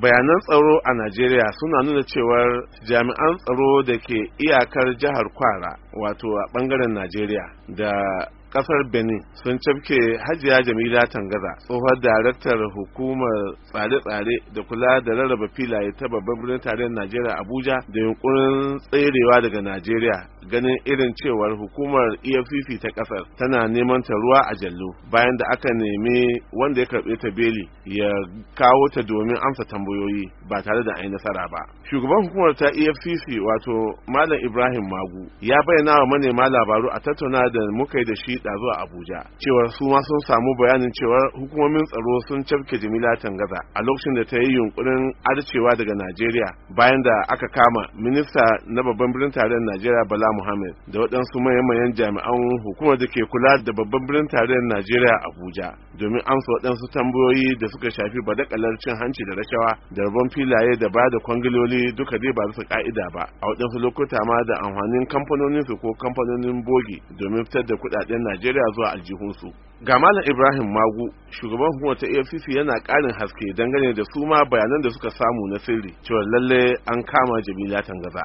bayanan tsaro a najeriya suna nuna cewar jami'an tsaro da ke iyakar jihar kwara wato a bangaren najeriya da kasar benin sun cafke hajiya jamila tangaza tsohon daraktar hukumar tsare-tsare da kula da rarraba filaye ta babban birnin tarayyar najeriya abuja da yunkurin tserewa daga najeriya ganin irin cewar hukumar efcc ta kasar tana neman ta ruwa a jallo bayan da aka nemi wanda ya karɓe ta beli ya kawo ta domin amsa tambayoyi ba tare da ayi nasara ba shugaban hukumar ta efcc wato malam ibrahim magu ya bayyana bayyana wa manema labaru a tattauna da muka yi da shi ɗazu zuwa abuja cewa su ma sun samu bayanin cewa hukumomin tsaro sun cafke jamila tangaza a lokacin da ta yi yunkurin arcewa daga najeriya bayan da aka kama minista na babban birnin tarayyar najeriya bala muhammad da waɗansu manyan jami'an hukumar da ke kula da babban birnin tarayyar najeriya abuja domin amsa waɗansu tambayoyi da suka shafi badakalar cin hanci da rashawa da rabon filaye da ba da kwangiloli duka dai ba bisa ka'ida ba a waɗansu lokuta ma da amfanin kamfanonin su gwamnati ko kamfanonin bogi domin fitar da kudaden najeriya zuwa aljihunsu ga malam ibrahim magu shugaban hukumar ta efcc yana karin haske dangane da su ma bayanan da suka samu na sirri cewa lalle an kama jamila tangaza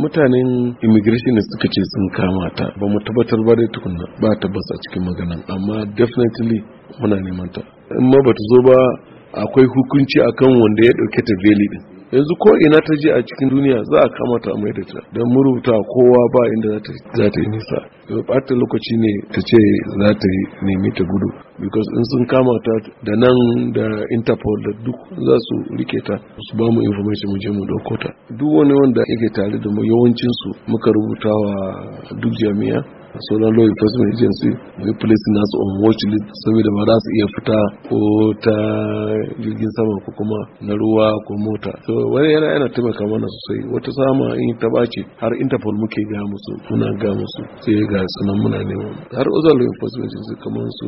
mutanen immigration da suka ce sun kama ta ba mu tabbatar ba dai tukunna ba tabbas a cikin maganan amma definitely muna neman ta in ma bata zo ba akwai hukunci akan wanda ya dauke ta veli din yanzu ko ina ta je a cikin duniya za a kamata mai da ta don murubuta kowa ba inda za ta yi nisa yau ɓata lokaci ne ta ce za ta yi nemi ta gudu because in sun kamata da nan da interpol da duk za su rike ta su ba mu information mu je mu ɗauko ta duk wani wanda yake tare da mu yawancinsu muka rubuta wa duk jami'a sauran law enforcement agency mai placing nasu on watch list saboda ba za su iya fita ko ta jirgin sama ko kuma na ruwa ko mota so wani yana yana taimaka mana sosai wata sama in ta bace har interpol muke ga musu muna ga musu sai ga sanan muna neman har other law enforcement agency kamar su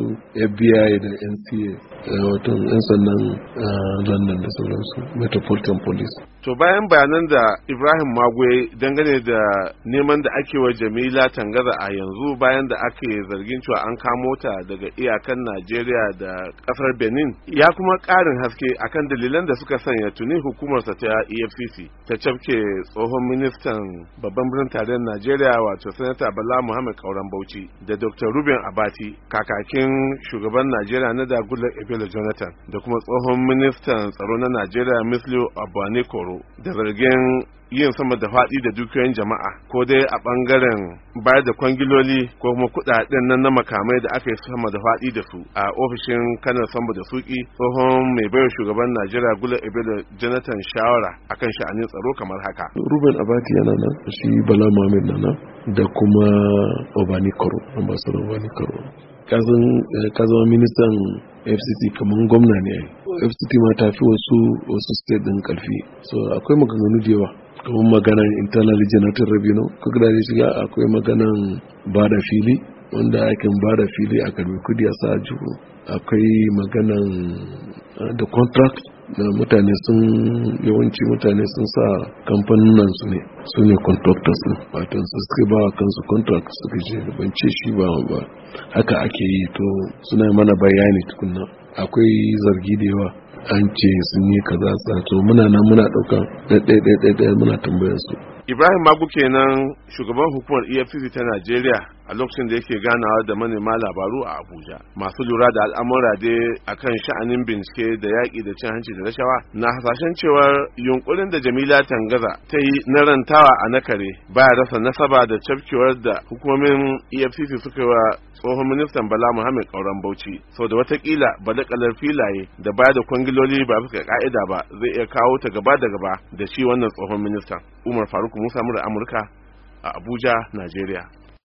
FBI da NCA eh, wato 'yan sannan eh, London da sauransu metropolitan police to bayan bayanan da ibrahim magwe dangane da neman da ake wa jamila tangaza a yanzu bayan da ake zargin cewa an kamo ta daga iyakan najeriya da kasar benin ya kuma karin haske akan dalilan da suka sanya tuni hukumarsa ta efcc ta cafke tsohon ministan babban birnin tarayyar najeriya wato sanata bala muhammad kauran bauchi da dr ruben abati kakakin shugaban najeriya na da goodluck ebele jonathan da kuma tsohon ministan tsaro na najeriya misliu abuani koro tsaro da zargin yin sama da faɗi da dukiyoyin jama'a ko dai a ɓangaren bayar da kwangiloli ko kuma kuɗaɗen nan na makamai da aka yi sama da faɗi da su a ofishin kanar sama da suki tsohon mai bayar shugaban najeriya gula da jonathan shawara akan sha'anin tsaro kamar haka ruben abati yana nan shi bala na nana da kuma obani karo ambassador obani karo kazan eh, ministan fct kamar gwamna ne fct ma ta fi wasu wasu state din karfi so akwai maganganu da yawa kamar maganan internal generator revenue kuka da shiga akwai maganan da fili wanda ake ba da fili a karbi kudi a sa akwai maganan da eh, contract da mutane sun yawanci mutane sun sa kamfanin su ne su ne contractors ne fatan su suke ba kansu contract suka je ban ce shi ba ba haka ake yi to suna mana bayani tukunna akwai zargi da yawa an ce sun yi kaza to muna nan muna ɗauka ɗaya ɗaya muna tambayar su ibrahim magu kenan shugaban hukumar efcc ta najeriya a lokacin da yake ganawa da manema labaru a abuja masu lura da al'amura a kan sha'anin bincike da yaƙi da cin hanci da rashawa na hasashen cewar yunkurin da jamila tangaza ta yi na rantawa a nakare baya rasa nasaba da cafkewar da hukumomin efcc suka yi wa tsohon ministan bala muhammad kauran bauchi sau da watakila balakalar filaye da baya da kwangiloli ba bisa ka'ida ba zai iya kawo ta gaba da gaba da shi wannan tsohon ministan umar faruk musa mura amurka a abuja nigeria